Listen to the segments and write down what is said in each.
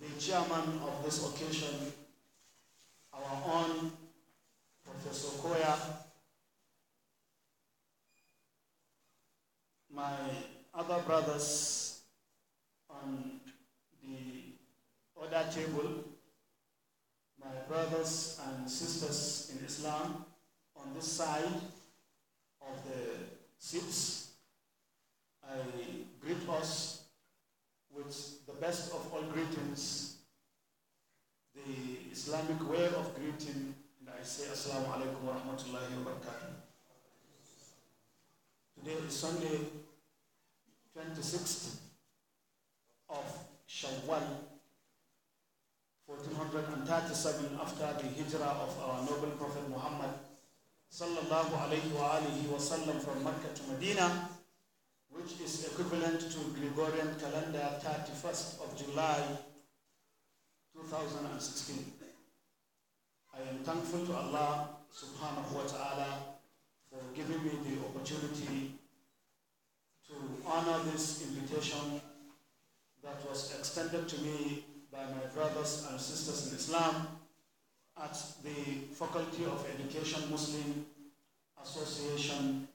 the chairman of this occasion, our own Professor Koya, my other brothers on the other table, my brothers and sisters in Islam on this side of the seats, I greet us with the best of all greetings, the Islamic way of greeting, and I say Assalamu alaikum wa rahmatullahi wa barakatuh. Today is Sunday, 26th of Shawwal, 1437 after the hijrah of our noble Prophet Muhammad sallallahu alayhi wa alihi wa sallam from Mecca to Medina which is equivalent to Gregorian calendar 31st of July 2016. I am thankful to Allah subhanahu wa ta'ala for giving me the opportunity to honor this invitation that was extended to me by my brothers and sisters in Islam at the Faculty of Education Muslim Association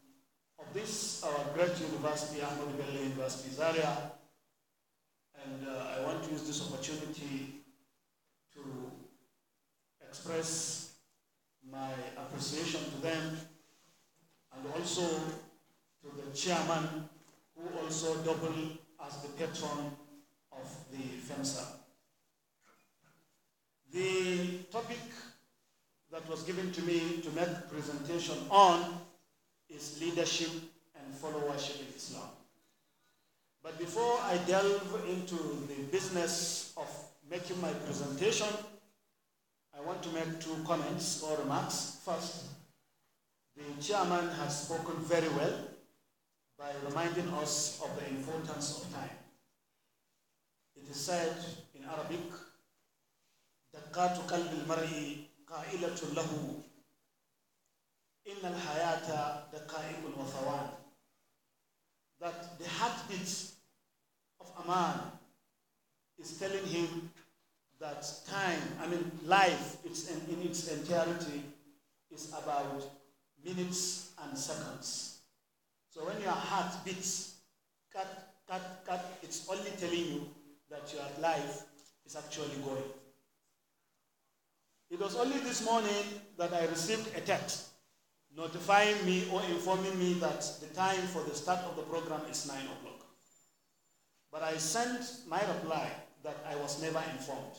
this our uh, great university, Ahmed Bello University area, and uh, I want to use this opportunity to express my appreciation to them and also to the chairman who also doubled as the patron of the FEMSA. The topic that was given to me to make presentation on is leadership and followership in Islam. But before I delve into the business of making my presentation, I want to make two comments or remarks. First, the chairman has spoken very well by reminding us of the importance of time. It is said in Arabic, إن الحياة دقائق وثوان that the heartbeats of a man is telling him that time, I mean life it's in, in its entirety is about minutes and seconds. So when your heart beats, cut, cut, cut, it's only telling you that your life is actually going. It was only this morning that I received a text notifying me or informing me that the time for the start of the program is 9 o'clock. But I sent my reply that I was never informed.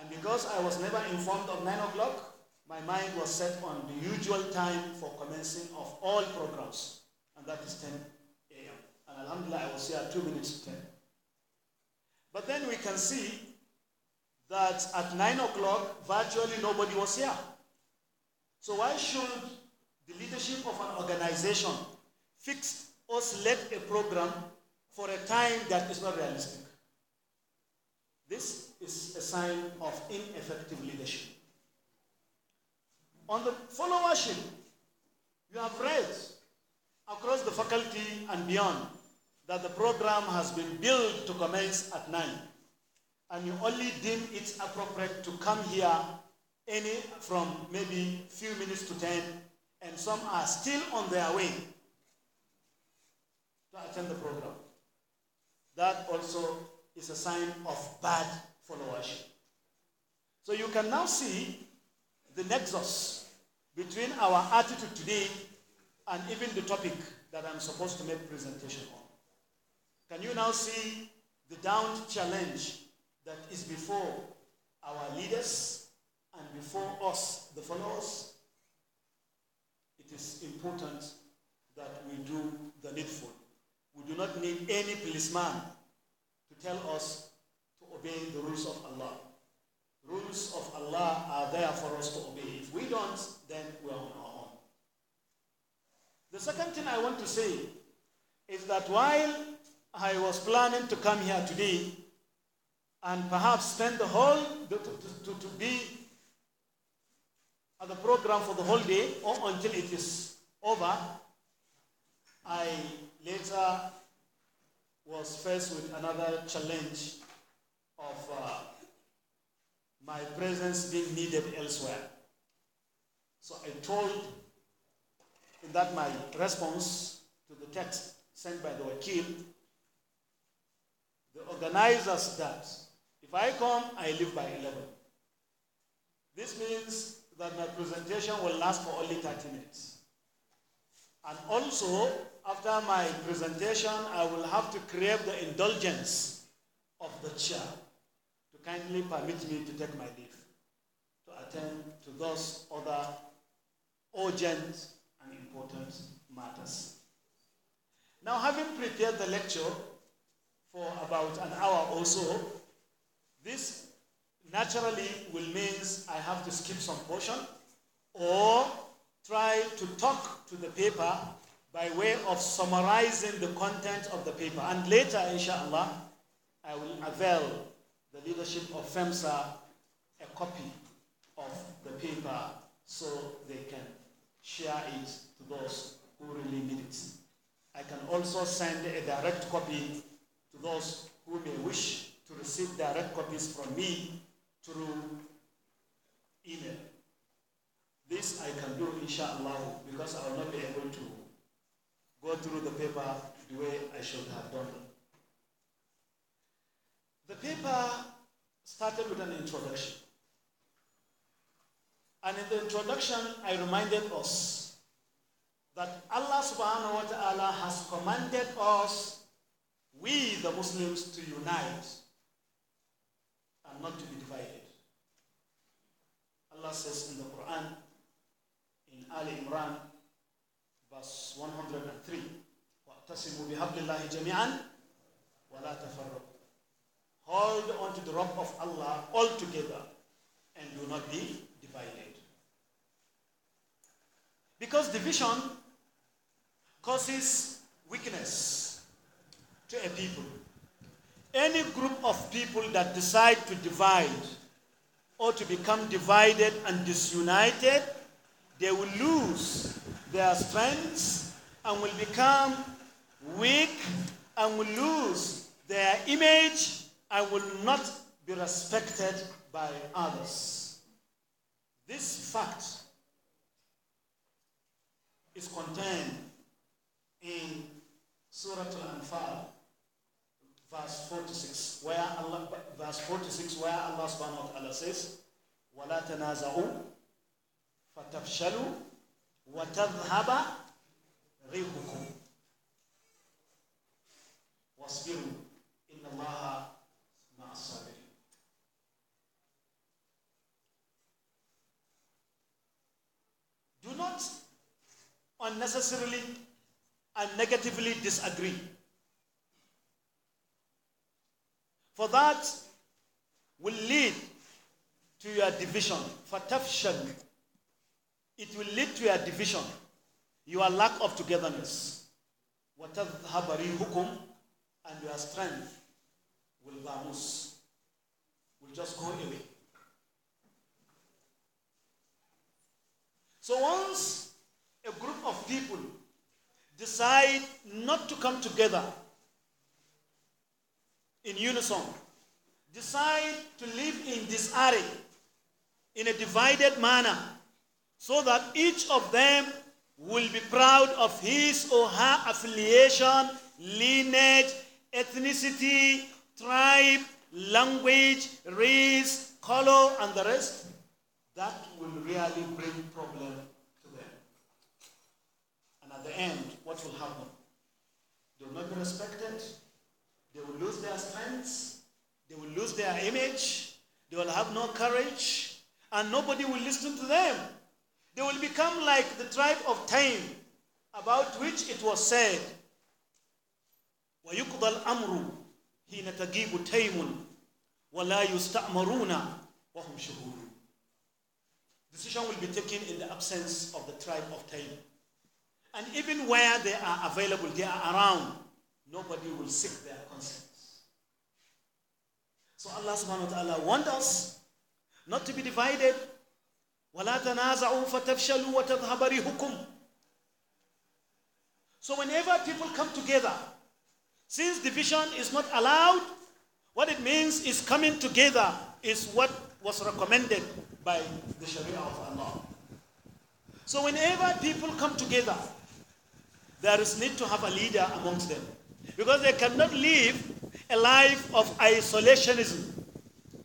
And because I was never informed of 9 o'clock, my mind was set on the usual time for commencing of all programs, and that is 10 a.m. And alhamdulillah, I was here two minutes to 10. But then we can see that at 9 o'clock, virtually nobody was here. So why should the leadership of an organization fix or select a program for a time that is not realistic? This is a sign of ineffective leadership. On the followership, you have read across the faculty and beyond that the program has been built to commence at 9 and you only deem it appropriate to come here any from maybe few minutes to 10, and some are still on their way to attend the program. That also is a sign of bad followership. So you can now see the nexus between our attitude today and even the topic that I'm supposed to make presentation on. Can you now see the daunting challenge that is before our leaders and before us, the followers, it is important that we do the needful. We do not need any policeman to tell us to obey the rules of Allah. Rules of Allah are there for us to obey. If we don't, then we are on our own. The second thing I want to say is that while I was planning to come here today and perhaps spend the whole, to, to, to, to be at the program for the whole day or until it is over. I later was faced with another challenge of uh, my presence being needed elsewhere. So I told in that my response to the text sent by the wakil, the organizers that if I come, I leave by 11. This means that my presentation will last for only 30 minutes. And also, after my presentation, I will have to crave the indulgence of the chair to kindly permit me to take my leave to attend to those other urgent and important matters. Now, having prepared the lecture for about an hour or so, this naturally will means I have to skip some portion or try to talk to the paper by way of summarizing the content of the paper. And later, inshallah, I will avail the leadership of FEMSA a copy of the paper so they can share it to those who really need it. I can also send a direct copy to those who may wish to receive direct copies from me through email. This I can do inshallah because I will not be able to go through the paper the way I should have done it. The paper started with an introduction. And in the introduction, I reminded us that Allah subhanahu wa ta'ala has commanded us, we the Muslims, to unite and not to be divided. Allah says in the Quran, in Al Imran, verse 103, Hold on to the rope of Allah altogether and do not be divided. Because division causes weakness to a people any group of people that decide to divide or to become divided and disunited, they will lose their strengths and will become weak and will lose their image and will not be respected by others. This fact is contained in Surah Al-Anfal verse 46, where Allah, verse 46, where Allah subhanahu wa ta'ala says, وَلَا تَنَازَعُوا فَتَفْشَلُوا وَتَذْهَبَ Do not unnecessarily and negatively disagree. For that will lead to your division. Fatafshan. It will lead to your division, your lack of togetherness. hukum, And your strength will vamoose, will just go away. So once a group of people decide not to come together in unison, decide to live in disarray, in a divided manner, so that each of them will be proud of his or her affiliation, lineage, ethnicity, tribe, language, race, color, and the rest, that will really bring problem to them. And at the end, what will happen? They will not be respected, they will lose their strength, they will lose their image, they will have no courage, and nobody will listen to them. They will become like the tribe of Taim, about which it was said, ويقضى الأمر حين تجيب تيم ولا يستأمرون وهم شهود Decision will be taken in the absence of the tribe of Taim. And even where they are available, they are around, nobody will seek their conscience. So Allah subhanahu wa ta'ala warned us not to be divided. So whenever people come together, since division is not allowed, what it means is coming together is what was recommended by the Sharia of Allah. So whenever people come together, there is need to have a leader amongst them. Because they cannot live a life of isolationism.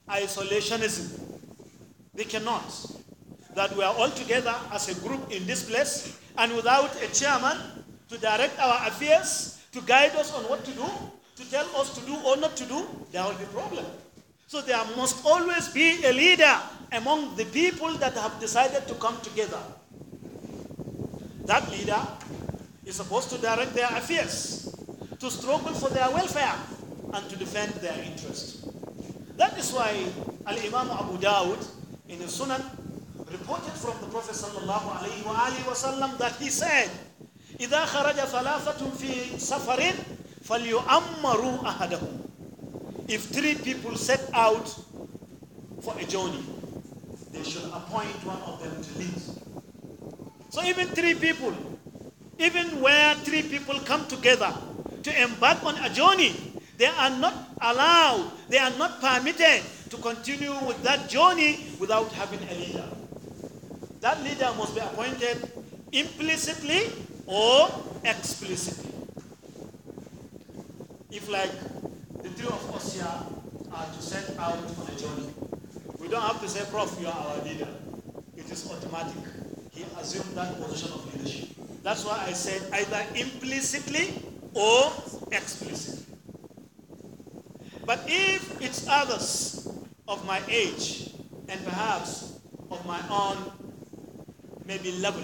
Isolationism. They cannot. That we are all together as a group in this place and without a chairman to direct our affairs, to guide us on what to do, to tell us to do or not to do, there will be problem. So there must always be a leader among the people that have decided to come together. That leader is supposed to direct their affairs to struggle for their welfare and to defend their interests. That is why Al Imam Abu Dawud in his Sunan reported from the Prophet sallallahu alaihi wasallam that he said, إذا خرج ثلاثة في سفر فليؤمروا أحدهم If three people set out for a journey, they should appoint one of them to lead. So even three people, even where three people come together, to embark on a journey. They are not allowed, they are not permitted to continue with that journey without having a leader. That leader must be appointed implicitly or explicitly. If, like, the three of us here are to set out on a journey, we don't have to say, Prof, you are our leader. It is automatic. He assumed that position of leadership. That's why I said either implicitly or explicitly. But if it's others of my age and perhaps of my own maybe level,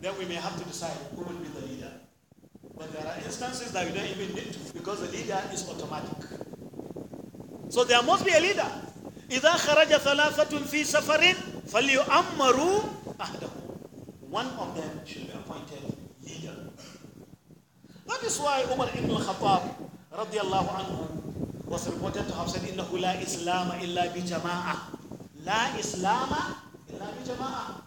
then we may have to decide who will be the leader. But there are instances that we don't even need to because the leader is automatic. So there must be a leader. إذا خرج ثلاثة في سفر فليؤمروا أحدهم. One of them should be appointed That is why Umar ibn al-Khattab radiallahu anhu was reported to have said, إِنَّهُ لَا إِسْلَامَ إِلَّا بِجَمَاعَةٍ لَا إِسْلَامَ إِلَّا بِجَمَاعَةٍ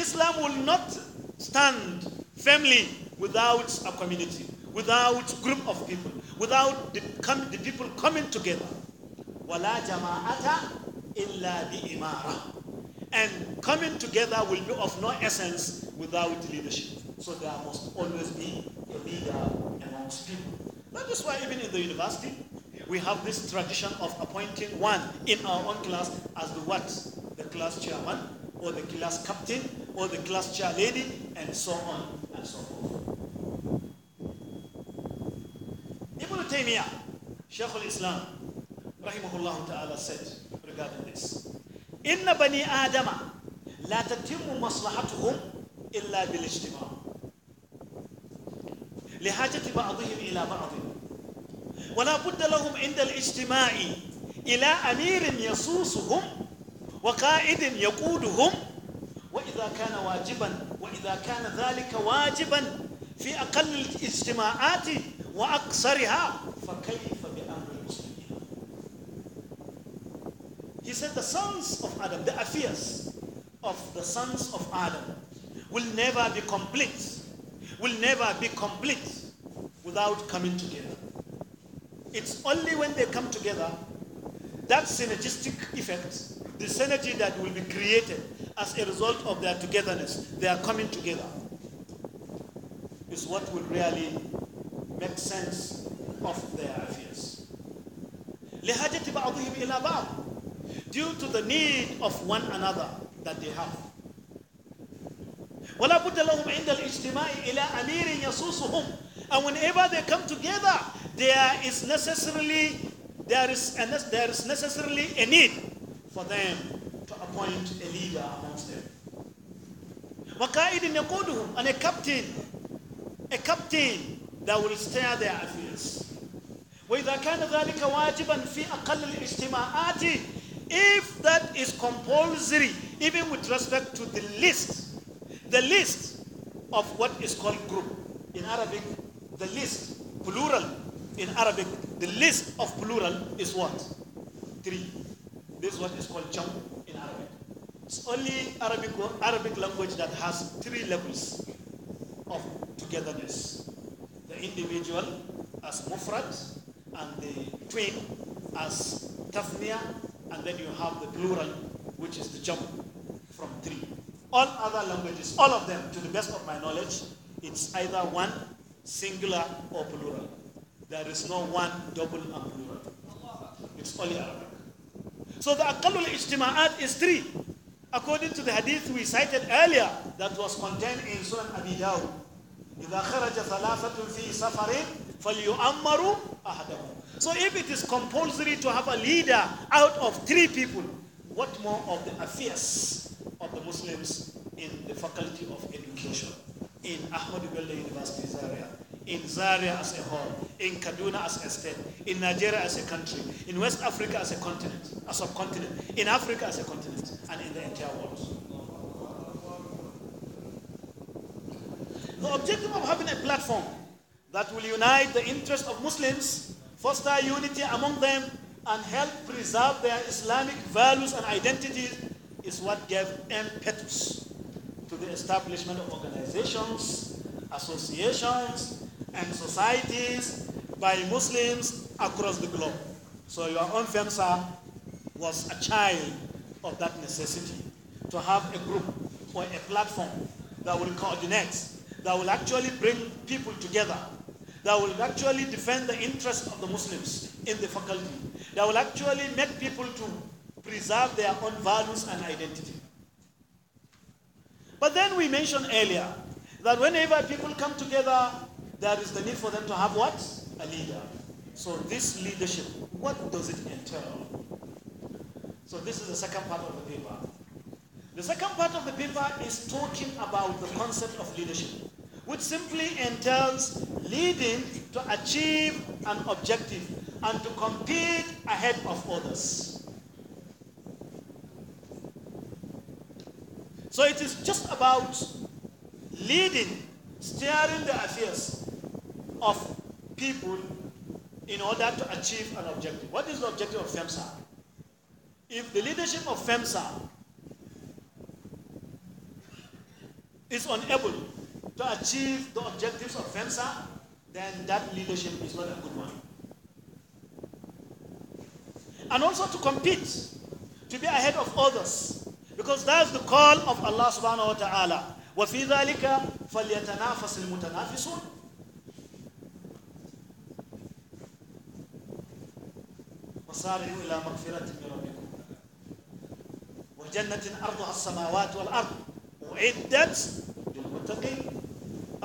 Islam will not stand firmly without a community, without group of people, without the, com- the people coming together. وَلَا جَمَاعَةَ إِلَّا بِإِمَارَةٍ And coming together will be of no essence without leadership. So there must always be a leader amongst people. That is why even in the university, we have this tradition of appointing one in our own class as the what? The class chairman, or the class captain, or the class chair lady, and so on and so forth. Ibn Taymiyyah, Shaykh al-Islam, rahimahullah ta'ala said regarding this, إن بني آدم لا تتم مصلحتهم إلا بالاجتماع لحاجة بعضهم إلى بعض ولا بد لهم عند الاجتماع إلى أمير يصوصهم وقائد يقودهم وإذا كان واجبا وإذا كان ذلك واجبا في أقل الاجتماعات وأقصرها فكيف He said the sons of Adam, the affairs of the sons of Adam will never be complete, will never be complete without coming together. It's only when they come together that synergistic effect, the synergy that will be created as a result of their togetherness, their coming together, is what will really make sense of their affairs. بعضهم إلى بعض due to the need of one another that they have. ولا بد لهم عند الاجتماع إلى أمير يسوسهم and whenever they come together there is necessarily there is a, there is necessarily a need for them to appoint a leader amongst them وقائد يقودهم and a captain a captain that will steer their affairs وإذا كان ذلك واجبا في أقل الاجتماعات if that is compulsory, even with respect to the list, the list of what is called group in Arabic, the list, plural in Arabic, the list of plural is what? Three. This is what is called jam in Arabic. It's only Arabic, Arabic language that has three levels of togetherness. The individual as mufrad and the twin as tafnia and then you have the plural, which is the jump from three. All other languages, all of them, to the best of my knowledge, it's either one, singular, or plural. There is no one, double, and plural. It's only Arabic. So the akalul Ijtima'at is three. According to the hadith we cited earlier that was contained in Surah Abi Dawud. إذا خرج ثلاثة في سفر فَلْيُؤَمَّرُوا أَحَدَهُمْ So if it is compulsory to have a leader out of three people, what more of the affairs of the Muslims in the Faculty of Education, in Ahmadu Bello University, Zaria, in Zaria as a whole, in Kaduna as a state, in Nigeria as a country, in West Africa as a continent, a subcontinent, in Africa as a continent, and in the entire world. The objective of having a platform that will unite the interests of Muslims, foster unity among them, and help preserve their Islamic values and identities is what gave impetus to the establishment of organizations, associations, and societies by Muslims across the globe. So your own FEMSA was a child of that necessity to have a group or a platform that will coordinate, that will actually bring people together that will actually defend the interest of the Muslims in the faculty, that will actually make people to preserve their own values and identity. But then we mentioned earlier that whenever people come together, there is the need for them to have what? A leader. So this leadership, what does it entail? So this is the second part of the paper. The second part of the paper is talking about the concept of leadership which simply entails leading to achieve an objective and to compete ahead of others. So it is just about leading, steering the affairs of people in order to achieve an objective. What is the objective of FEMSA? If the leadership of FEMSA is unable to achieve the objectives of FEMSA, then that leadership is not a good one. And also to compete, to be ahead of others, because that's the call of Allah subhanahu wa ta'ala. وَفِي ذَلِكَ فَلْيَتَنَافَسِ الْمُتَنَافِسُونَ وَسَارِعُوا إِلَى مَغْفِرَةٍ مِنْ رَبِّكُمْ وَجَنَّةٍ أَرْضُهَا السَّمَاوَاتُ وَالْأَرْضُ أُعِدَّتْ لِلْمُتَّقِينَ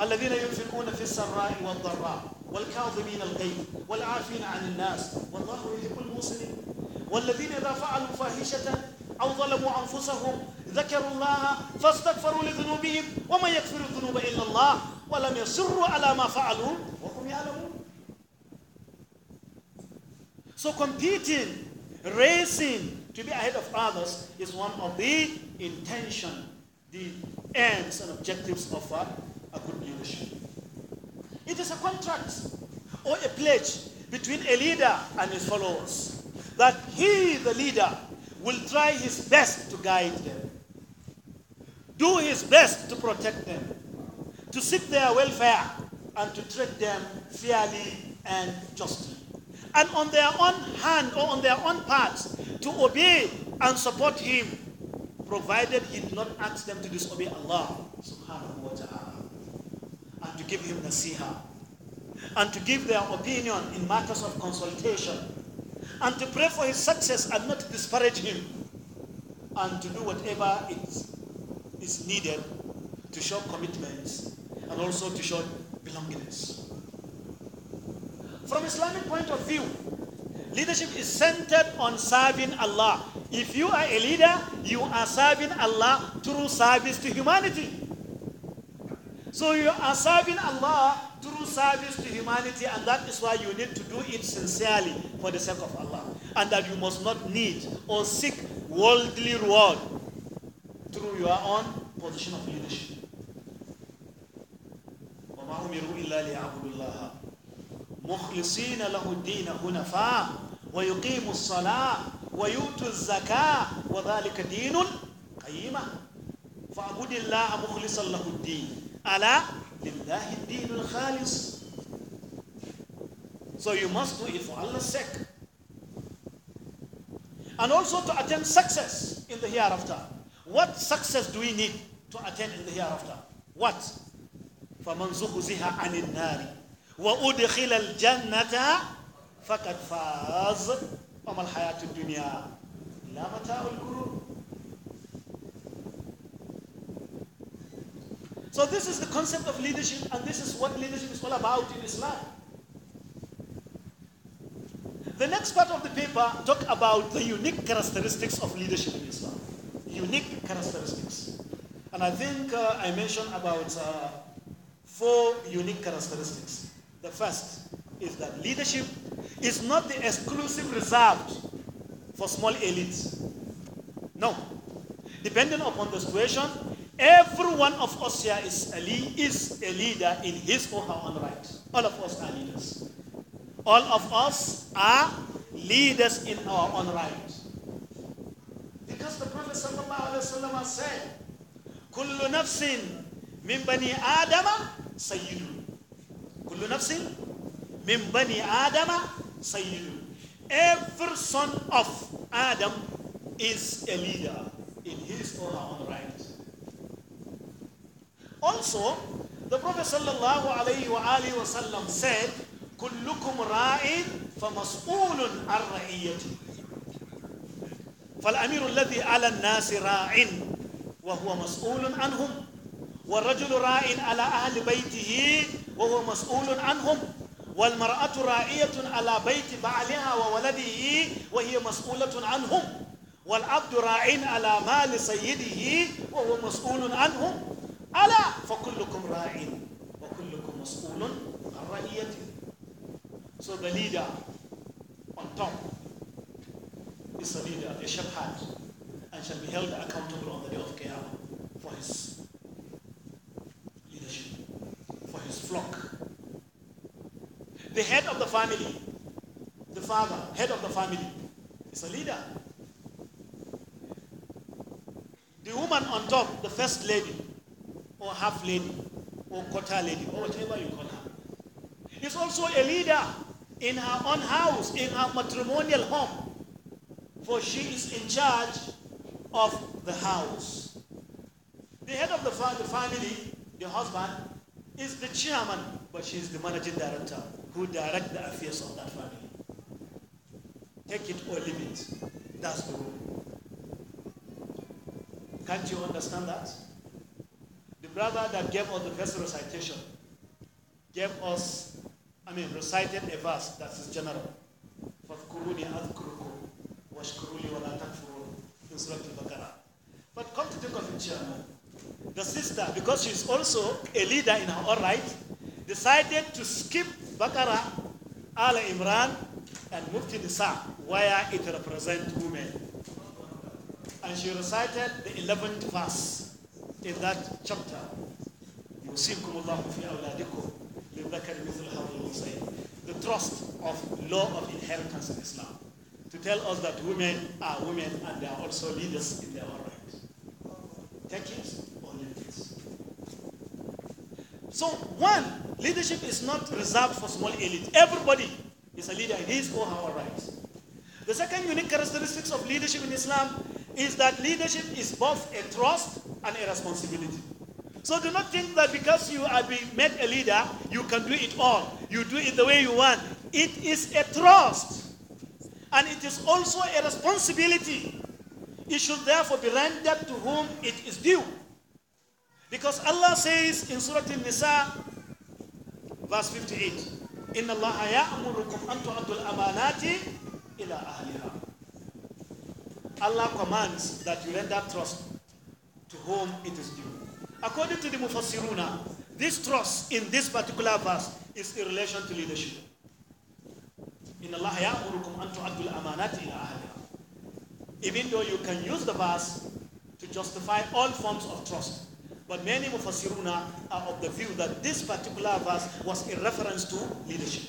الذين ينفقون في السراء والضراء والكاظمين الغيظ والعافين عن الناس والله يحب المحسنين والذين اذا فعلوا فاحشه او ظلموا انفسهم ذكروا الله فاستغفروا لذنوبهم ومن يغفر الذنوب الا الله ولم يصروا على ما فعلوا وهم يعلمون so competing racing to be ahead of others is one of the intention the ends and objectives of a a good leadership. It is a contract or a pledge between a leader and his followers that he, the leader, will try his best to guide them, do his best to protect them, to seek their welfare, and to treat them fairly and justly. And on their own hand or on their own part, to obey and support him, provided he did not ask them to disobey Allah subhanahu wa ta'ala and to give him the siha, and to give their opinion in matters of consultation and to pray for his success and not disparage him and to do whatever it is needed to show commitments and also to show belongingness. From Islamic point of view, leadership is centered on serving Allah. If you are a leader, you are serving Allah through service to humanity. So you are serving Allah through service to humanity, and that is why you need to do it sincerely for the sake of Allah. And that you must not need or seek worldly reward through your own position of leadership. مخلصين له الدين حنفاء ويقيموا الصلاة ويؤتوا الزكاة وذلك دين قيمة فاعبد الله مخلصا له الدين على لله الدين الخالص So you must do it for Allah's sake. And also to attain success in the hereafter. What success do we need to attain in the hereafter? What? فمن زخزها عن النار وأدخل الجنة فقد فاز وما الحياة الدنيا لا متاع الغرور So this is the concept of leadership, and this is what leadership is all about in Islam. The next part of the paper talk about the unique characteristics of leadership in Islam. Unique characteristics. And I think uh, I mentioned about uh, four unique characteristics. The first is that leadership is not the exclusive reserved for small elites. No. Depending upon the situation, Every one of us here is a, is a leader in his or her own right. All of us are leaders. All of us are leaders in our own right. Because the Prophet ﷺ said, Kullu nafsin min bani sayyidu. Kullu nafsin min bani sayyidu. Every son of Adam is a leader in his or her own right. Also, the Prophet sallallahu alayhi wa alayhi wa sallam said, كلكم راع فمسؤول عن رعيته فالأمير الذي على الناس راع وهو مسؤول عنهم والرجل راع على أهل بيته وهو مسؤول عنهم والمرأة راعية على بيت بعلها وولده وهي مسؤولة عنهم والعبد راع على مال سيده وهو مسؤول عنهم ألا فكلكم راع وكلكم مسؤول عن رعيته So the leader on top is a leader, a shepherd, and shall be held accountable on the day of Qiyamah for his leadership, for his flock. The head of the family, the father, head of the family, is a leader. The woman on top, the first lady, or half lady or quarter lady or whatever you call her. Is also a leader in her own house, in her matrimonial home, for she is in charge of the house. The head of the, family, the husband, is the chairman, but she is the managing director who directs the affairs of that family. Take it or leave it. That's the rule. Can't you understand that? brother that gave us the first recitation gave us, I mean, recited a verse that is general. But come to think of it, Chairman, the sister, because she's also a leader in her own right, decided to skip Bakara, Al Imran, and move to Nisa, where it represents women. And she recited the 11th verse in that chapter, يوصيكم الله في أولادكم مثل الأنثيين. The trust of law of inheritance in Islam to tell us that women are women and they are also leaders in their own right. Take it or leave it. So one, leadership is not reserved for small elite. Everybody is a leader in his or her right. The second unique characteristics of leadership in Islam is that leadership is both a trust and a responsibility. So do not think that because you are being made a leader, you can do it all. You do it the way you want. It is a trust. And it is also a responsibility. It should therefore be rendered to whom it is due. Because Allah says in Surah al nisa verse 58, إِنَّ اللَّهَ يَأْمُرُكُمْ أَن تُعَدُّوا الْأَمَانَاتِ إِلَىٰ أَهْلِهَا Allah commands that you render trust to whom it is due. According to the Mufassiruna, this trust in this particular verse is in relation to leadership. In Allah ya'urukum amanati Even though you can use the verse to justify all forms of trust, but many Mufassiruna are of the view that this particular verse was in reference to leadership.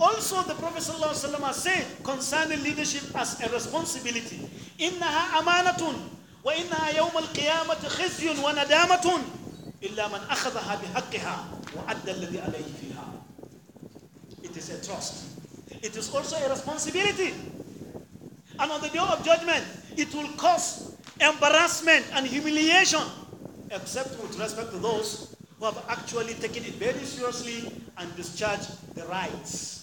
Also, the Prophet ﷺ said concerning leadership as a responsibility, إِنَّهَا أَمَانَةٌ وَإِنَّهَا يَوْمَ الْقِيَامَةِ خِزْيٌ وَنَدَامَةٌ إِلَّا مَنْ أَخَذَهَا بِحَقِّهَا وَأَدَّى الَّذِي عَلَيْهِ فِيهَا It is a trust. It is also a responsibility. And on the day of judgment, it will cause embarrassment and humiliation, except with respect to those who have actually taken it very seriously and discharged the rights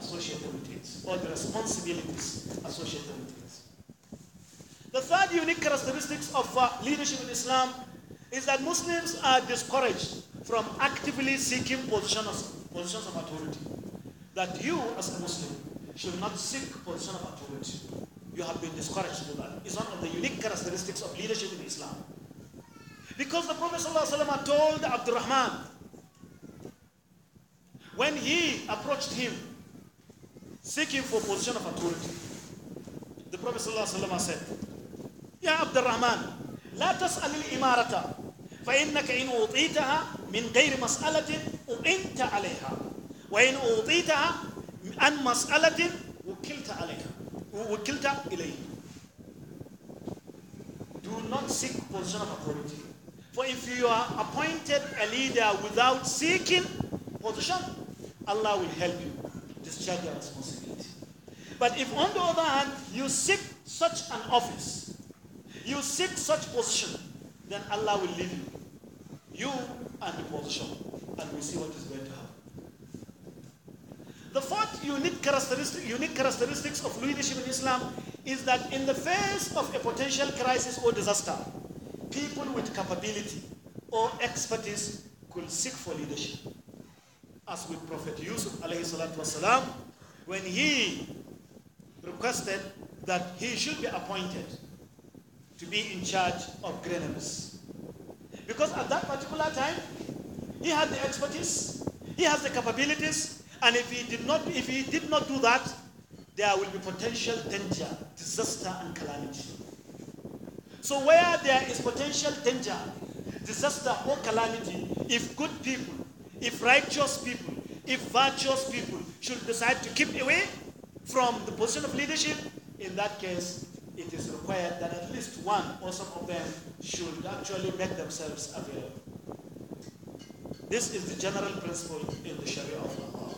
associated with or the responsibilities associated with it. The third unique characteristic of uh, leadership in Islam is that Muslims are discouraged from actively seeking positions, positions of authority. That you, as a Muslim, should not seek position of authority. You have been discouraged to do that. It's one of the unique characteristics of leadership in Islam. Because the Prophet ﷺ told Abdurrahman, when he approached him seeking for position of authority. The Prophet ﷺ said, Ya Abd al imarata لا تسأل الإمارة فإنك إن أوطيتها من غير مسألة أعنت عليها وإن أوطيتها عن مسألة وكلت عليها وكلت إليه Do not seek position of authority. For if you are appointed a leader without seeking position, Allah will help you discharge your responsibility. But if, on the other hand, you seek such an office, you seek such position, then Allah will leave you. You and the position. And we see what is going to happen. The fourth unique, characteristic, unique characteristics of leadership in Islam is that in the face of a potential crisis or disaster, people with capability or expertise could seek for leadership. As with Prophet Yusuf alayhi salatu wasalam, when he requested that he should be appointed to be in charge of granaries. Because at that particular time, he had the expertise, he has the capabilities, and if he did not, if he did not do that, there will be potential danger, disaster, and calamity. So where there is potential danger, disaster, or calamity, if good people, if righteous people, if virtuous people should decide to keep away, from the position of leadership, in that case, it is required that at least one or some of them should actually make themselves available. This is the general principle in the Sharia of Allah.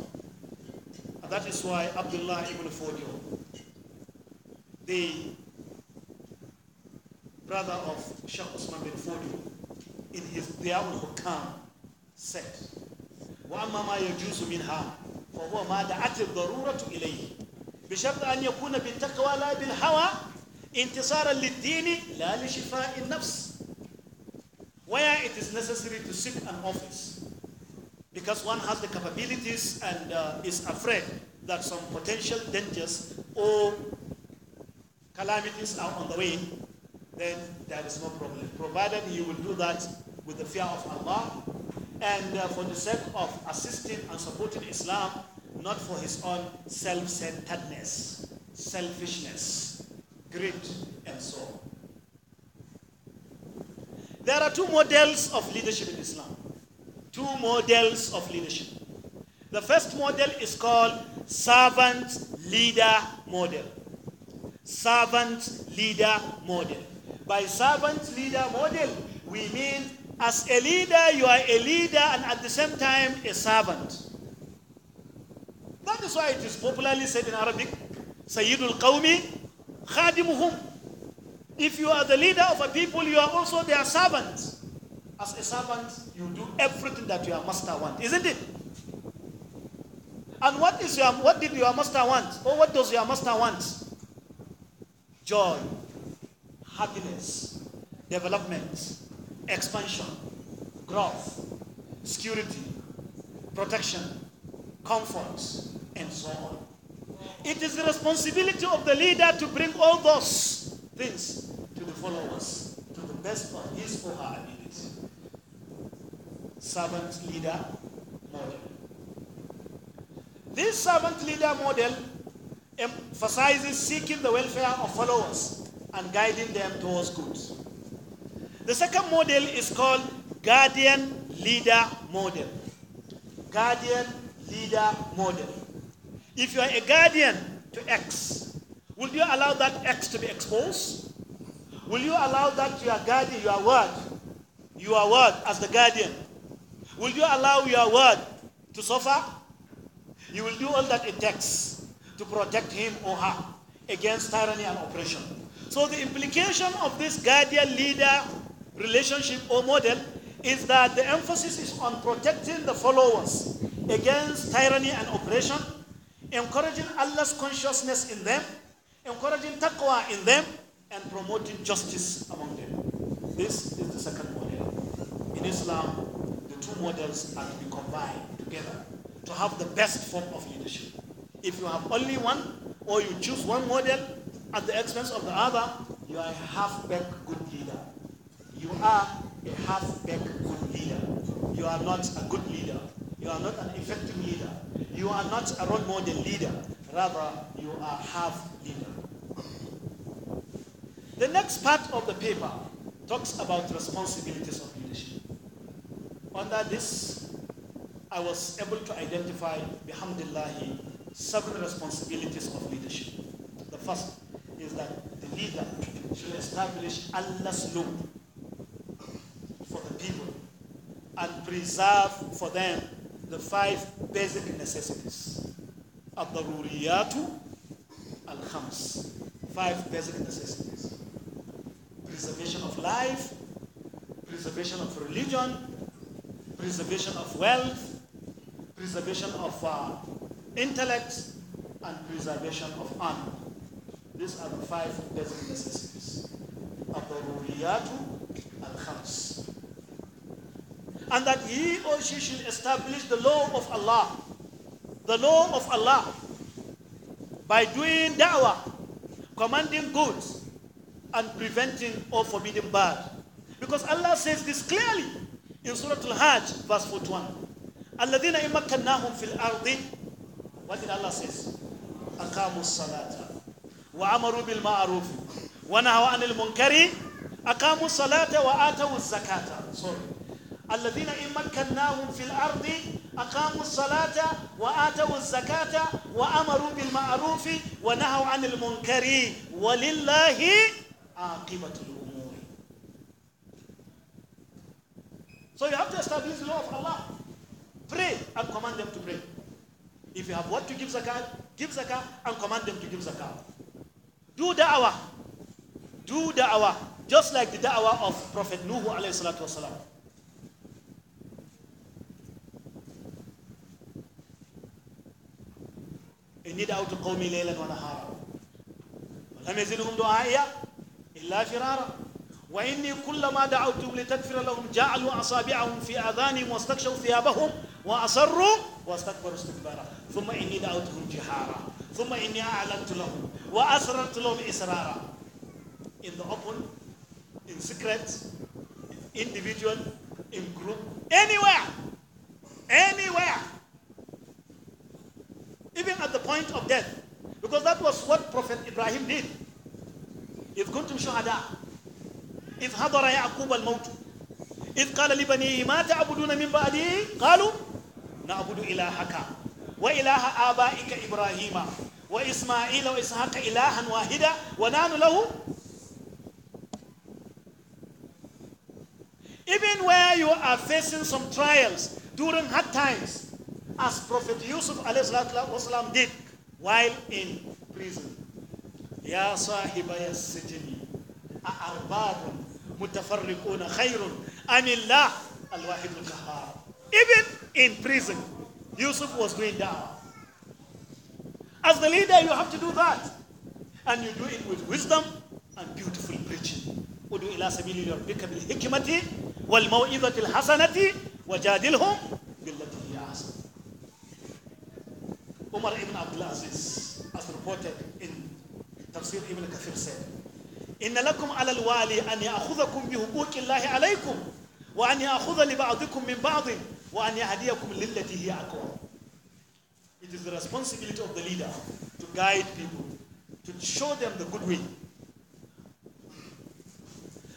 And that is why Abdullah ibn Fodio, the brother of Sheikh Osman bin Fodio, in his Diyawul Hukam said, وَأَمَّا مَا يَجُوزُ مِنْهَا فَهُوَ مَا دَعَتِ الضَّرُورَةُ إِلَيْهِ بشرط أن يكون بالتقوى لا بالهوى انتصارا للدين لا لشفاء النفس where it is necessary to seek an office because one has the capabilities and uh, is afraid that some potential dangers or calamities are on the way then there is no problem provided he will do that with the fear of Allah and uh, for the sake of assisting and supporting Islam not for his own self centeredness, selfishness, greed, and so on. There are two models of leadership in Islam. Two models of leadership. The first model is called servant leader model. Servant leader model. By servant leader model, we mean as a leader, you are a leader and at the same time a servant. That is why it is popularly said in Arabic, Sayyidul Qawmi Khadimuhum. If you are the leader of a people, you are also their servant. As a servant, you do everything that your master wants, isn't it? And what is your what did your master want? Or what does your master want? Joy, happiness, development, expansion, growth, security, protection, comfort, and so on. It is the responsibility of the leader to bring all those things to the followers, to the best of his or her ability. Servant leader model. This servant leader model emphasizes seeking the welfare of followers and guiding them towards good. The second model is called guardian leader model. Guardian leader model. If you are a guardian to X, will you allow that X to be exposed? Will you allow that your guardian, your word, your word as the guardian, will you allow your word to suffer? You will do all that it takes to protect him or her against tyranny and oppression. So the implication of this guardian leader relationship or model is that the emphasis is on protecting the followers against tyranny and oppression, encouraging Allah's consciousness in them, encouraging taqwa in them, and promoting justice among them. This is the second model. In Islam, the two models are to be combined together to have the best form of leadership. If you have only one, or you choose one model at the expense of the other, you are a half-back good leader. You are a half-back good leader. You are not a good leader. You are not an effective leader. You are not a role model leader. Rather, you are half leader. The next part of the paper talks about responsibilities of leadership. Under this, I was able to identify, bihamdillahi, seven responsibilities of leadership. The first is that the leader should establish Allah's law for the people and preserve for them the five basic necessities. Al-daruriyatu al-khams. Five basic necessities. Preservation of life, preservation of religion, preservation of wealth, preservation of uh, intellect, and preservation of honor. These are the five basic necessities. Al-daruriyatu and that he or she should establish the law of Allah, the law of Allah, by doing da'wah, commanding good, and preventing or forbidding bad. Because Allah says this clearly in Surah Al-Hajj, verse 41. الذين إن مكناهم في الأرض what did Allah says أقاموا الصلاة وأمروا بالمعروف ونهوا عن المنكر أقاموا الصلاة وآتوا الزكاة sorry الذين إن مكناهم في الأرض أقاموا الصلاة وآتوا الزكاة وأمروا بالمعروف ونهوا عن المنكر ولله عاقبة الأمور So you have to establish the law of Allah. Pray and command them to pray. If you have what to give zakat, give zakat and command them to give zakat. Do da'wah. Do da'wah. Just like the da'wah of Prophet Nuhu alayhi salatu wasalam. إني دعوت قومي ليلا ونهارا ولم يزلهم دعائي إلا فرارا وإني كلما دعوتهم لتكفر لهم جعلوا أصابعهم في آذانهم واستكشوا ثيابهم وأصروا واستكبروا استكبارا ثم إني دعوتهم جهارا ثم إني أعلنت لهم وأسررت لهم إسرارا in the open in secret individual in group anywhere anywhere even at the point of death. Because that was what Prophet Ibrahim did. إذ كنتم شهداء إذ حضر يعقوب الموت إذ قال لبنيه ما تعبدون من بعدي قالوا نعبد إلهك وإله آبائك إبراهيم وإسماعيل وإسحاق إلها واحدا ونحن له Even where you are facing some trials during hard times, as Prophet Yusuf والسلام, did while in prison. يا صاحبي السجن أأرباب متفرقون خير أم الله الواحد القهار Even in prison, Yusuf was going down. As the leader, you have to do that. And you do it with wisdom and beautiful preaching. ادعو إلى سبيل ربك بالحكمة والموعظة الحسنة وجادلهم بالتي هي أحسن Umar ibn as reported in Tafsir ibn Kathir said, إن لكم على الوالي أن يأخذكم بحقوق الله عليكم وأن يأخذ لبعضكم من بعض وأن يهديكم للتي هي It is the responsibility of the leader to guide people, to show them the good way.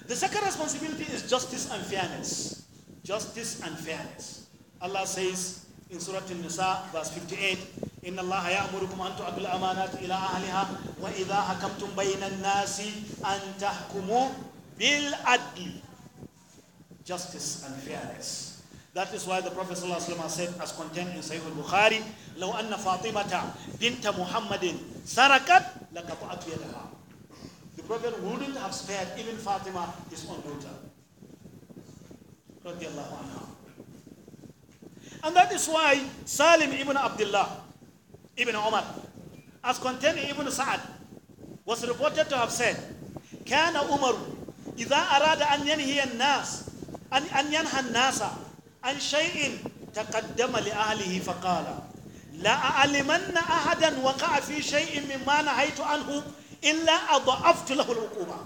The second responsibility is justice and fairness. Justice and fairness. Allah says in Surah An-Nisa, verse 58, إن الله يأمركم أن تؤدوا الأمانات إلى أهلها وإذا حكمتم بين الناس أن تحكموا بالعدل justice and fairness That is why the Prophet صلى الله عليه وسلم said, as contained in Sahih al-Bukhari, لو أن فاطمة بنت محمد سرقت لقطعت يدها. The Prophet wouldn't have spared even Fatima, his own daughter. رضي الله عنها. And that is why Salim ibn Abdullah, Ibn Omar, as contained in Ibn Sa'ad, was reported to have said, كان عمر إذا أراد أن ينهي الناس أن أن ينهى الناس عن شيء تقدم لأهله فقال لا أعلمن أحدا وقع في شيء مما نهيت عنه إلا أضعفت له العقوبة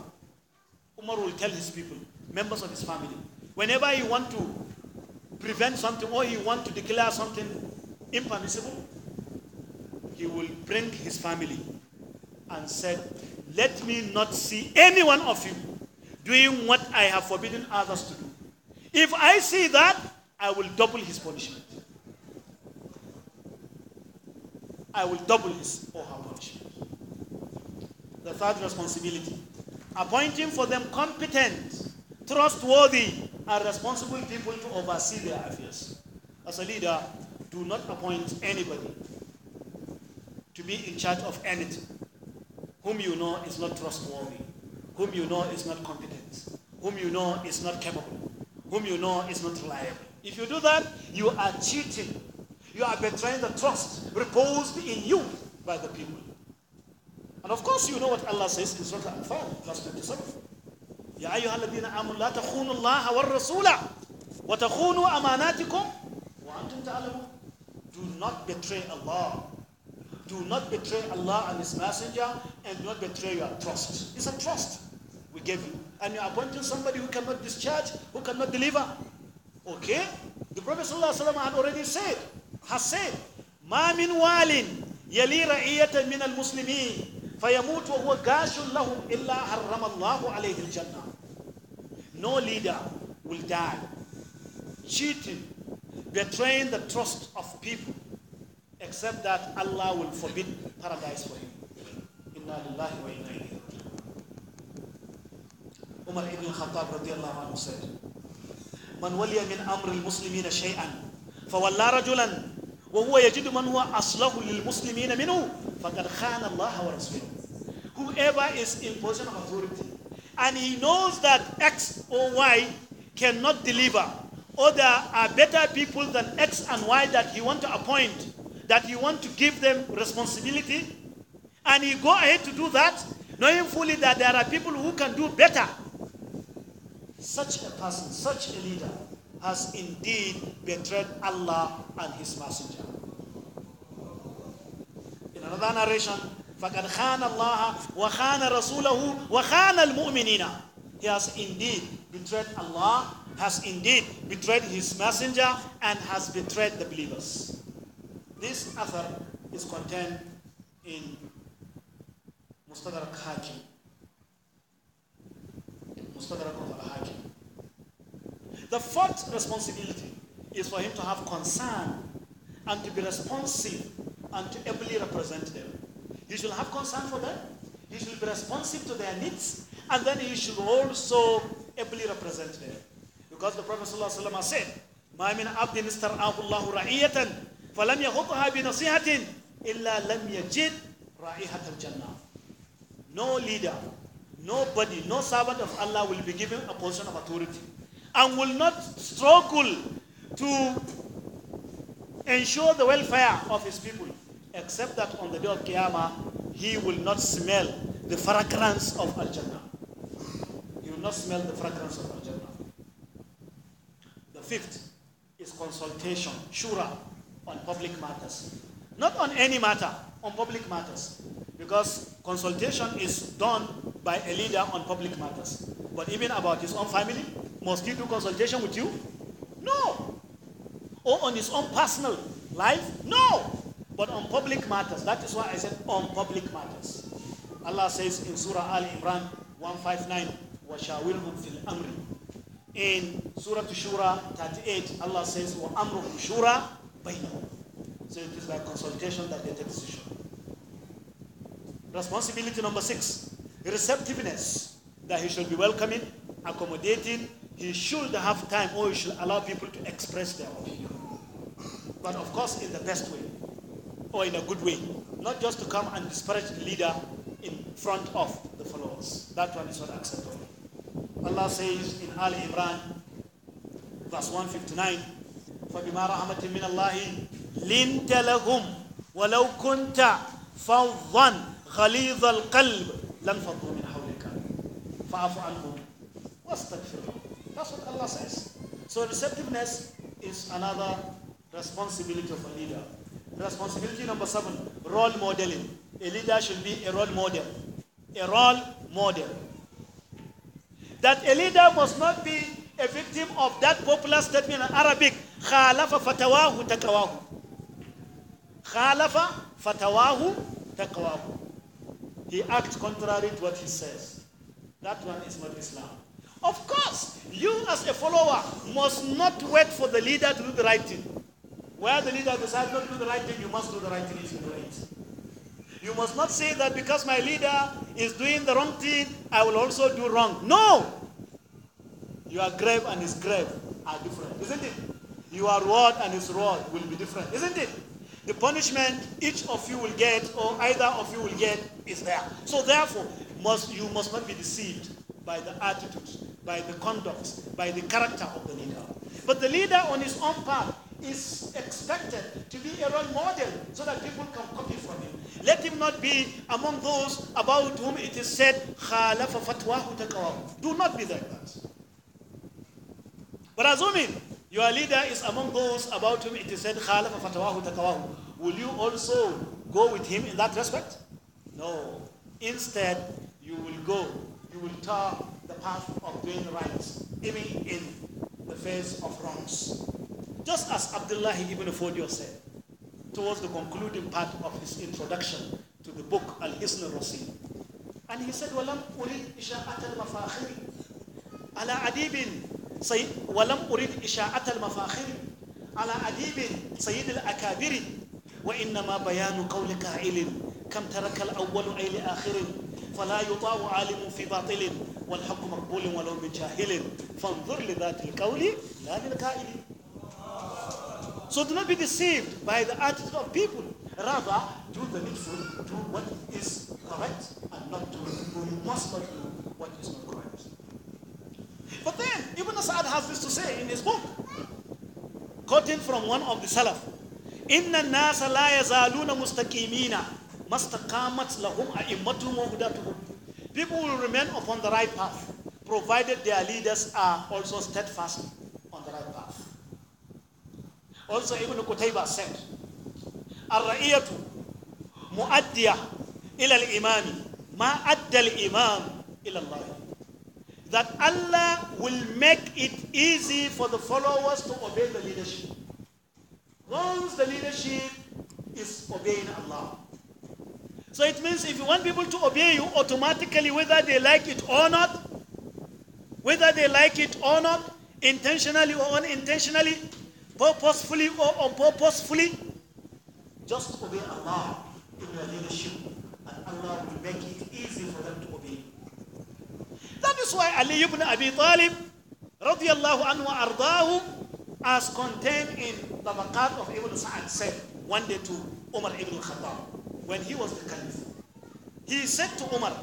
Umar will tell his people, members of his family, whenever he want to prevent something or he want to declare something impermissible, he will bring his family and said, Let me not see any one of you doing what I have forbidden others to do. If I see that, I will double his punishment. I will double his or her punishment. The third responsibility appointing for them competent, trustworthy, and responsible people to oversee their affairs. As a leader, do not appoint anybody to be in charge of anything whom you know is not trustworthy, whom you know is not competent, whom you know is not capable, whom you know is not reliable. If you do that, you are cheating. You are betraying the trust reposed in you by the people. And of course, you know what Allah says in Surah Al-Anfal, verse 27. يا أيها الذين آمنوا لا تخونوا الله والرسول وتخونوا أماناتكم وأنتم تعلمون Do not betray Allah do not betray Allah and His Messenger and do not betray your trust. It's a trust we gave you. And you're appointing somebody who cannot discharge, who cannot deliver. Okay? The Prophet ﷺ had already said, has said, walin من وال يلي رعية من المسلمين فيموت وهو غاش lahum illa حرم الله عليه jannah No leader will die cheating, betraying the trust of people except that Allah will forbid paradise for him. Inna lillahi wa inna ilayhi. Umar ibn al-Khattab radiyallahu anhu said, من ولي من أمر المسلمين شيئا فولى رجلا وهو يجد من هو أصله للمسلمين منه فقد خان الله ورسوله whoever is in position of authority and he knows that X or Y cannot deliver or there are better people than X and Y that he want to appoint that you want to give them responsibility, and you go ahead to do that, knowing fully that there are people who can do better. Such a person, such a leader, has indeed betrayed Allah and His Messenger. In another narration, فَقَدْ خَانَ اللَّهَ وَخَانَ رَسُولَهُ وَخَانَ الْمُؤْمِنِينَ He has indeed betrayed Allah, has indeed betrayed His Messenger, and has betrayed the believers. This athar is contained in Mustadrak Hakim. Mustadrak al-Hakim. The fourth responsibility is for him to have concern and to be responsive and to ably represent them. He should have concern for them. He should be responsive to their needs. And then he should also ably represent them. Because the Prophet ﷺ said, مَا مِنْ عَبْدٍ اسْتَرْعَاهُ اللَّهُ رَعِيَّةً فلم يغطها بنصيحة إلا لم يجد رائحة الجنة no leader nobody no servant of Allah will be given a position of authority and will not struggle to ensure the welfare of his people except that on the day of Qiyamah he will not smell the fragrance of Al-Jannah he will not smell the fragrance of Al-Jannah the fifth is consultation shura on public matters. Not on any matter, on public matters. Because consultation is done by a leader on public matters. But even about his own family, must he do consultation with you? No. Or on his own personal life? No. But on public matters. That is why I said on public matters. Allah says in Surah Al Imran 159, وَشَاوِرْهُمْ فِي الْأَمْرِ In Surah Shura 38, Allah says, وَأَمْرُهُمْ شُورًا so it is by consultation that they take decision. Responsibility number six, receptiveness. That he should be welcoming, accommodating. He should have time or he should allow people to express their opinion. But of course, in the best way or in a good way. Not just to come and disparage the leader in front of the followers. That one is not acceptable. Allah says in Ali Imran, verse 159, فبما رحمة من الله لنت لهم ولو كنت فظا غليظ القلب لانفضوا من حولك فاعف عنهم واستغفر لهم That's what Allah says. So receptiveness is another responsibility of a leader. Responsibility number seven, role modeling. A leader should be a role model. A role model. That a leader must not be a victim of that popular statement in Arabic khalafa fatawahu khalafa fatawahu he acts contrary to what he says that one is not islam of course you as a follower must not wait for the leader to do the right thing where the leader decides not to do the right thing you must do the right thing if you do it you must not say that because my leader is doing the wrong thing, I will also do wrong. No! Your grave and his grave are different, isn't it? your word and his word will be different, isn't it? The punishment each of you will get, or either of you will get, is there. So therefore, must you must not be deceived by the attitude, by the conduct, by the character of the leader. But the leader on his own part, is expected to be a role model so that people can copy from him. Let him not be among those about whom it is said, Do not be like that. But assuming your leader is among those about whom it is said, Khalafa fatawahu takawahu. Will you also go with him in that respect? No. Instead, you will go, you will talk the path of doing right, even in the face of wrongs. Just as Abdullah ibn Fodio said, towards the concluding part of his introduction to the book Al Hisn Rasil. And he said, وَلَمْ أُرِدْ إِشَاءَةَ الْمَفَاخِرِ عَلَى عَدِيبٍ سي ولم أريد إشاعة المفاخر على أديب سيد الأكابر وإنما بيان قول قائل كم ترك الأول أي لآخر فلا يطاع عالم في باطل والحق مقبول ولو من جاهل فانظر لذات القول لا للقائل So do not be deceived by the attitude of people. Rather, do the needful, do what is correct, and not do, what you must not do what is not correct. But then, Ibn Asad has this to say in his book, quoting from one of the Salaf, "Inna النَّاسَ لَا يَزَالُونَ مُسْتَقِيمِينَ مَسْتَقَامَتْ لَهُمْ أَئِمَّتُهُمْ وَهُدَاتُهُمْ People will remain upon the right path, provided their leaders are also steadfast on the right path. Also, Ibn Qutaybah said, ila مؤدية إلى ma ما أدى imam ila Allah." that Allah will make it easy for the followers to obey the leadership. Once the leadership is obeying Allah. So it means if you want people to obey you automatically, whether they like it or not, whether they like it or not, intentionally or unintentionally, purposefully or unpurposefully, just obey Allah in your leadership, and Allah will make it easy for them to obey that is why Ali ibn Abi Talib radiallahu anhu ardahum as contained in the Tabaqat of Ibn Sa'ad said one day to Umar ibn Khattab when he was the caliph. He said to Umar,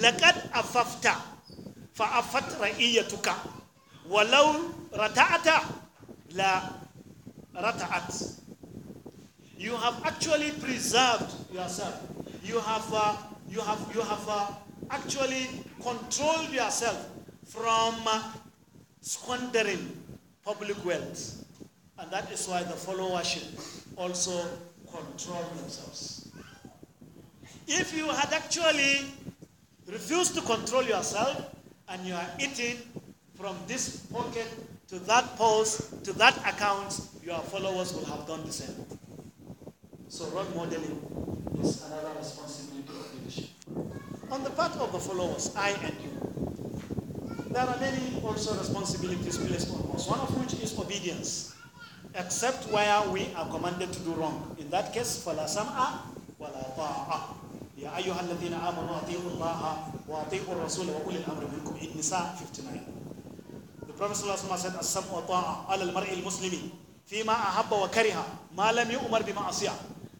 لَقَدْ أَفَفْتَ فَأَفَتْ رَئِيَّتُكَ وَلَوْ رَتَعَتَ لَا رَتَعَتْ You have actually preserved yourself. You have, uh, you have, you have uh, actually control yourself from uh, squandering public wealth. And that is why the followership also control themselves. If you had actually refused to control yourself and you are eating from this pocket to that post to that account, your followers will have done the same. So role modeling is another responsibility of leadership on the part of the followers, I and you. There are many also responsibilities placed on us, one of which is obedience, except where we are commanded to do wrong. In that case, فَلَا سَمْعَ وَلَا طَاعَ يا أيها الذين آمنوا أطيعوا الله وأطيعوا الرسول وأولي الأمر منكم in Nisa 59 The Prophet ﷺ said السمع والطاعة على المرء المسلم فيما أحب وكره ما لم يؤمر بمعصية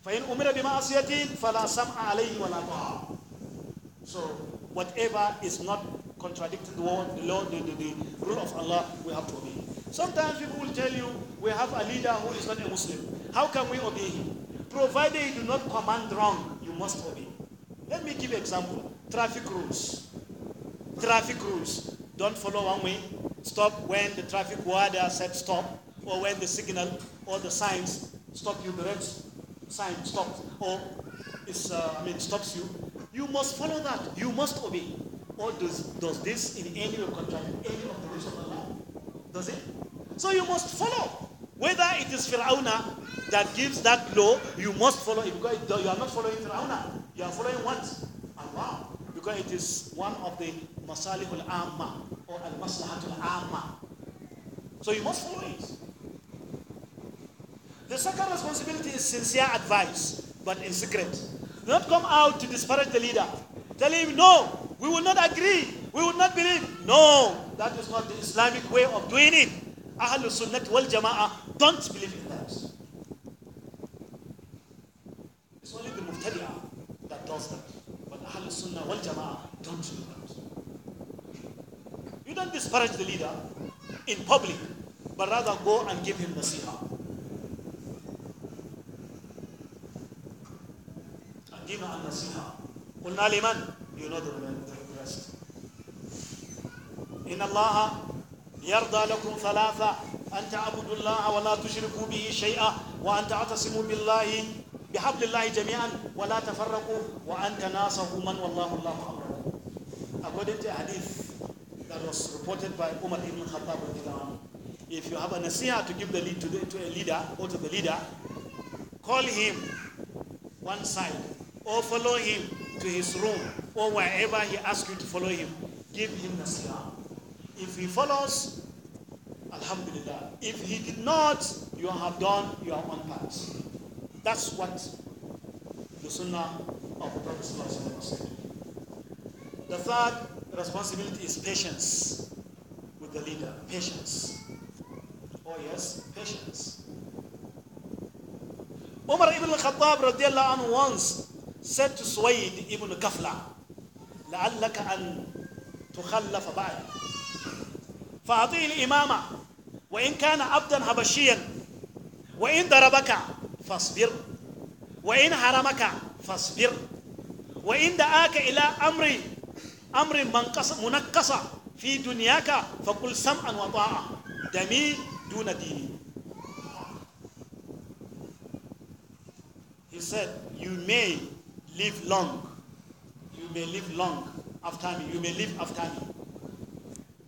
فإن أمر بمعصية فلا سمع عليه ولا طاعة so whatever is not contradicting the law, the, law the, the, the, rule of Allah, we have to obey. Sometimes people will tell you, we have a leader who is not a Muslim. How can we obey him? Provided you do not command wrong, you must obey. Let me give an example. Traffic rules. Traffic rules. Don't follow one way. Stop when the traffic warder said stop, or when the signal or the signs stop you, the red sign stops, or is, uh, I mean, stops you you must follow that. You must obey. Or does, does this in any way contradict any of the rules of Allah? Does it? So you must follow. Whether it is Fir'auna that gives that law, you must follow it because you are not following Fir'auna. You are following what? Allah. Because it is one of the Masalihul Amma or Al Maslahatul Amma. So you must follow it. The second responsibility is sincere advice, but in secret. Do not come out to disparage the leader. Tell him, no, we will not agree. We will not believe. No, that is not the Islamic way of doing it. Ahlul Sunnah wal Jama'ah don't believe in that. It's only the Muftadi'ah that does that. But Ahlul Sunnah wal Jama'ah don't do that. You don't disparage the leader in public, but rather go and give him siha. الدين النصيحة قلنا لمن؟ ينظر من الرست إن الله يرضى لكم ثلاثة أن تعبدوا الله ولا تشركوا به شيئا وأن تعتصموا بالله بحبل الله جميعا ولا تفرقوا وأن تناصحوا من والله الله أمره According to hadith that was reported by Umar ibn Khattab if you have a nasiha to give the lead to, the, to a leader or to the leader, call him one side or follow him to his room or wherever he asks you to follow him. Give him the salam. If he follows, alhamdulillah. If he did not, you have done your own part. That's what the sunnah of the Prophet said. The third responsibility is patience with the leader. Patience. Oh yes, patience. Umar ibn al-Khattab once said to Suwaid ibn Kafla, لعلك أن تخلف بعد فأعطيه الإمامة وإن كان عبدا حبشيا وإن ضربك فاصبر وإن حرمك فاصبر وإن دعاك إلى أمر أمر منقص في دنياك فقل سمعا وطاعة دمي دون ديني He said, you may live long. You may live long after me. You may live after me.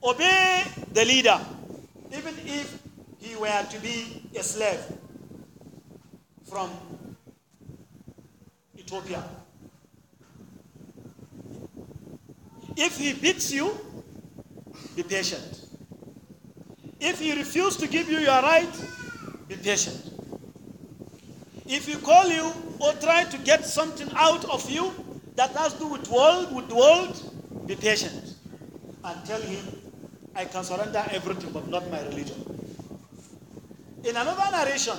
Obey the leader, even if he were to be a slave from Ethiopia. If he beats you, be patient. If he refuses to give you your right, be patient. If he call you or try to get something out of you that has to do with world, with world, be patient and tell him, I can surrender everything but not my religion. In another narration,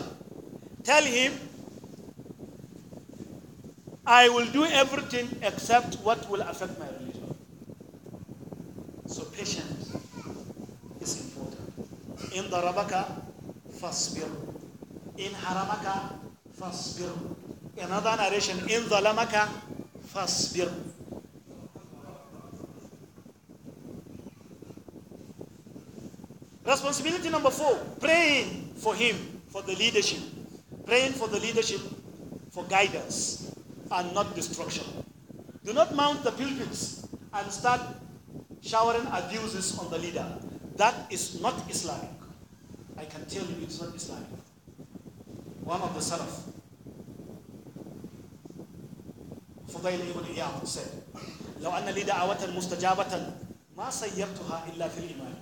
tell him, I will do everything except what will affect my religion. So patience is important. In darabaka, fasbir. In haramaka, fasbir another narration in zalamaka fasbir responsibility number four praying for him for the leadership praying for the leadership for guidance and not destruction do not mount the pulpits and start showering abuses on the leader that is not islamic i can tell you it's not islamic one of the salaf said لو أن لي دعوة مستجابة ما سيرتها إلا في الإيمان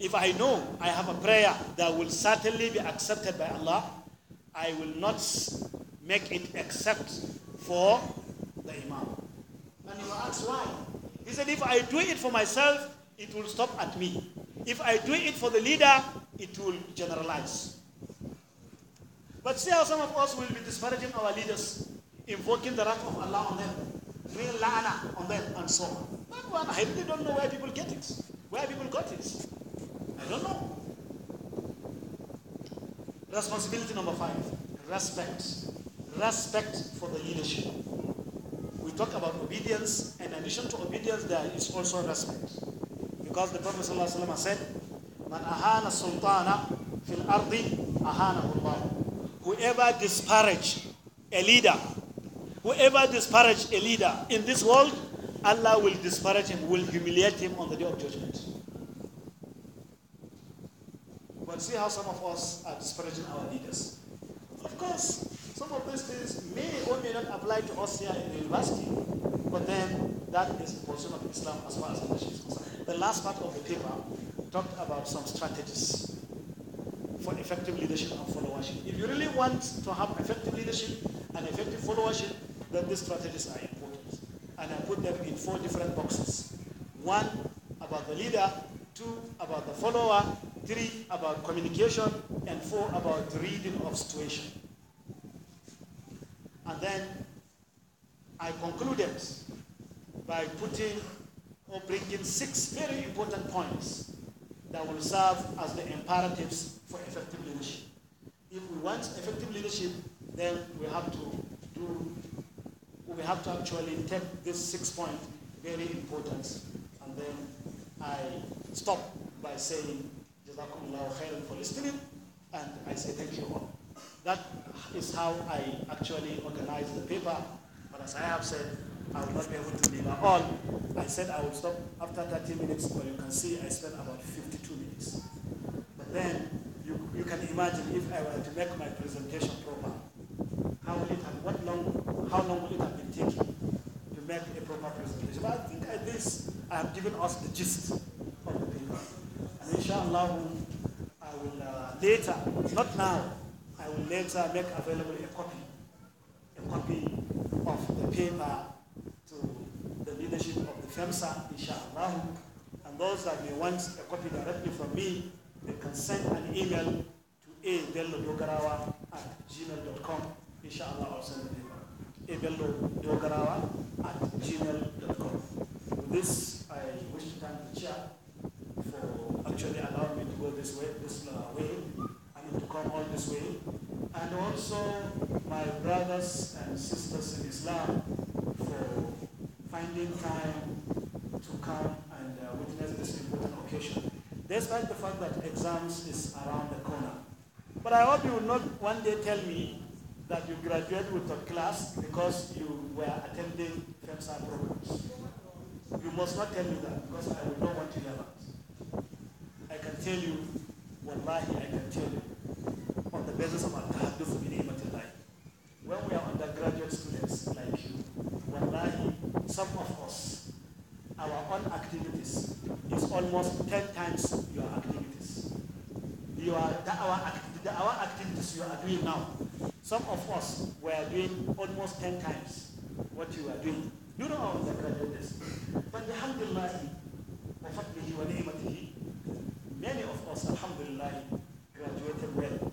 If I know I have a prayer that will certainly be accepted by Allah, I will not make it except for the Imam. And you ask why? He said, if I do it for myself, it will stop at me. If I do it for the leader, it will generalize. But see how some of us will be disparaging our leaders invoking the wrath of Allah on them, may la'ana on them, and so on. I really don't know where people get it. Where people got it. I don't know. Responsibility number five respect. Respect for the leadership. We talk about obedience, and in addition to obedience, there is also respect. Because the Prophet ﷺ said, Man ahana sultana fil ardi ahana Allah. Whoever disparages a leader Whoever disparages a leader in this world, Allah will disparage him, will humiliate him on the day of judgment. But see how some of us are disparaging our leaders. Of course, some of these things may or may not apply to us here in the university, but then that is the position of Islam as far as leadership is concerned. The last part of the paper talked about some strategies for effective leadership and followership. If you really want to have effective leadership and effective followership, that these strategies are important. And I put them in four different boxes. One, about the leader. Two, about the follower. Three, about communication. And four, about the reading of situation. And then I concluded by putting or bringing six very important points that will serve as the imperatives for effective leadership. If we want effective leadership, then we have to do we have to actually take this six point very important. And then I stop by saying Jazakumullah khairan for listening and I say thank you all. That is how I actually organize the paper. But as I have said, I will not be able to deliver all. I said I will stop after 30 minutes, but you can see I spent about 52 minutes. But then you, you can imagine if I were to make my presentation proper, how will it have, what long, how long will it have been taking to make a proper presentation? But I think at this, I have given us the gist of the paper. And inshallah, I will uh, later, not now, I will later make available a copy, a copy of the paper to the leadership of the FEMSA, inshallah. And those that may want a copy directly from me, they can send an email to a.bellodogarawa at gmail.com inshallah I'll send the paper. at gmail.com. With this, I wish to thank the chair for actually allowing me to go this way, this uh, way, I mean to come all this way. And also my brothers and sisters in Islam for finding time to come and uh, witness this important occasion. Despite the fact that exams is around the corner. But I hope you will not one day tell me that you graduate with a class because you were attending FEMSA programs. You must not tell me that because I will not want to hear that. I can tell you, wallahi, I can tell you, on the basis of al in bi'ni'matillah. When we are undergraduate students like you, wallahi, some of us, our own activities is almost 10 times your activities. You are, our, our activities you are doing now some of us were doing almost 10 times what you were doing. You know how the graduate is. But alhamdulillah, بفضله many of us, alhamdulillah, graduated well.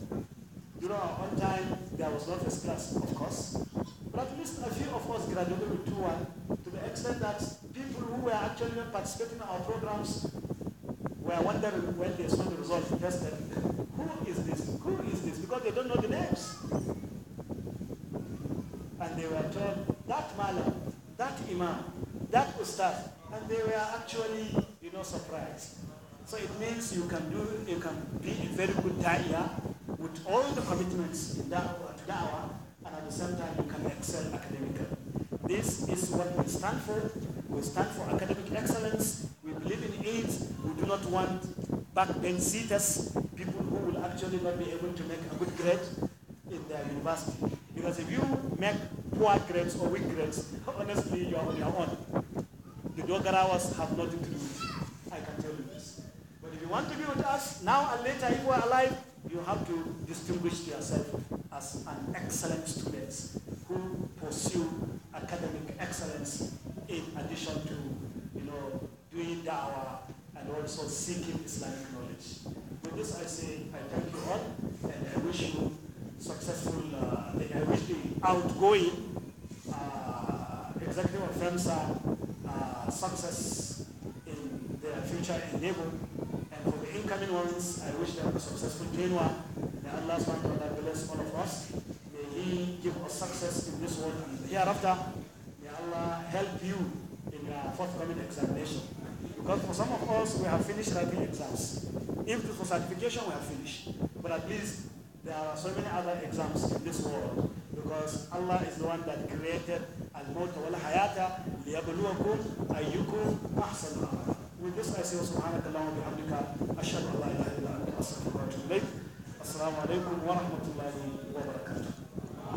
You know, one time there was not first class, of course, but at least a few of us graduated with 2-1 to the extent that people who were actually participating in our programs were wondering when they saw the results tested, who is this? Who is this? Because they don't know the names and they were told that malam, that imam, that ustad, and they were actually, you know, surprised. So it means you can do, you can be a very good da'iyah with all the commitments in da'wah, to da'wah, and at the same time you can excel academically. This is what we stand for. We stand for academic excellence. We believe in it. We do not want backbench seaters, people who will actually not be able to make a good grade in their university. Because if you make poor grades or weak grades, honestly, you are on your own. The Dogarawas have nothing to do with you. I can tell you this. But if you want to be with us, now and later, if you are alive, you have to distinguish yourself as an excellent student who pursue academic excellence in addition to, you know, doing dawah and also seeking Islamic knowledge. With this, I say I thank you all and I wish you successful, uh, I wish the outgoing FEMSA uh, success in their future endeavor. And for the incoming ones, I wish them a successful tenure. May Allah subhanahu wa ta'ala bless all of us. May He give us success in this world and hereafter. May Allah help you in your forthcoming examination. Because for some of us, we have finished writing exams. If it was certification, we have finished. But at least there are so many other exams in this world because Allah is the one that created al-maut wal hayata liyabluwakum ayyukum amala. With this I say subhanaka wa bihamdika ashhadu an la ilaha illa anta astaghfiruka wa atubu ilayk. Assalamu wa rahmatullahi wa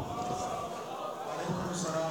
barakatuh.